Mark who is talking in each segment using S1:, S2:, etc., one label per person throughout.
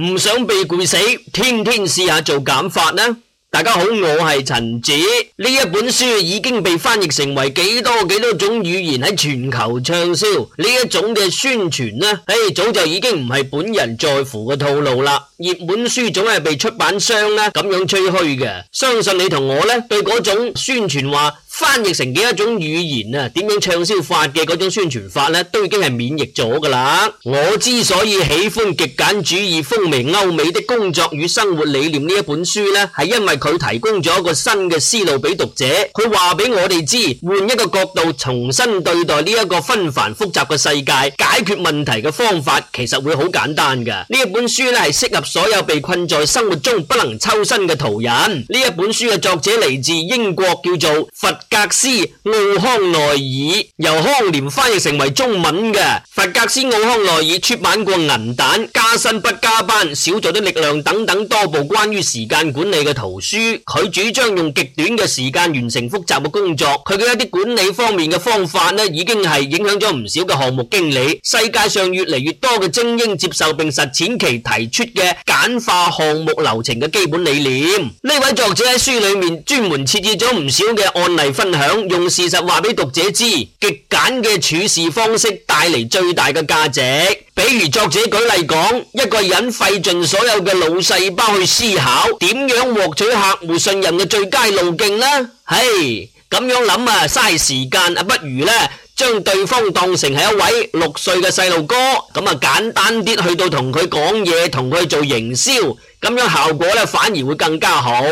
S1: 唔想被攰死，天天試下做減法啦！大家好，我係陳子。呢一本書已經被翻譯成為幾多幾多種語言喺全球暢銷，呢一種嘅宣傳呢，嘿，早就已經唔係本人在乎嘅套路啦。熱門書總係被出版商呢咁樣吹噓嘅，相信你同我呢對嗰種宣傳話。翻譯成幾種語言啊？點樣暢銷法嘅嗰種宣傳法呢，都已經係免疫咗噶啦。我之所以喜歡極簡主義風靡歐美的工作與生活理念呢一本書呢，係因為佢提供咗一個新嘅思路俾讀者。佢話俾我哋知，換一個角度重新對待呢一個紛繁複雜嘅世界，解決問題嘅方法其實會好簡單噶。呢一本書呢係適合所有被困在生活中不能抽身嘅途人。呢一本書嘅作者嚟自英國，叫做佛。格斯奧康內爾由康廉翻譯成為中文嘅。弗格斯奧康內爾出版過《銀彈》《加薪不加班》《少做嘅力量》，等等多部關於時間管理嘅圖書。佢主張用極短嘅時間完成複雜嘅工作。佢嘅一啲管理方面嘅方法咧，已經係影響咗唔少嘅項目經理。世界上越嚟越多嘅精英接受並實踐其提出嘅簡化項目流程嘅基本理念。呢位作者喺書裏面專門設置咗唔少嘅案例。分享用事實話俾讀者知，極簡嘅處事方式帶嚟最大嘅價值。比如作者舉例講，一個人費盡所有嘅腦細胞去思考，點樣獲取客戶信任嘅最佳路徑呢？嘿，咁樣諗啊，嘥時間啊，不如呢將對方當成係一位六歲嘅細路哥，咁啊簡單啲去到同佢講嘢，同佢做營銷，咁樣效果呢反而會更加好。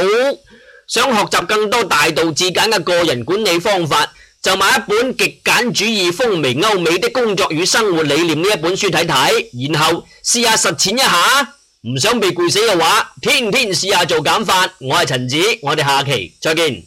S1: 想學習更多大道至簡嘅個人管理方法，就買一本《極簡主義風靡歐美的工作與生活理念》呢一本書睇睇，然後試下實踐一下。唔想被攰死嘅話，天天試下做減法。我係陳子，我哋下期再見。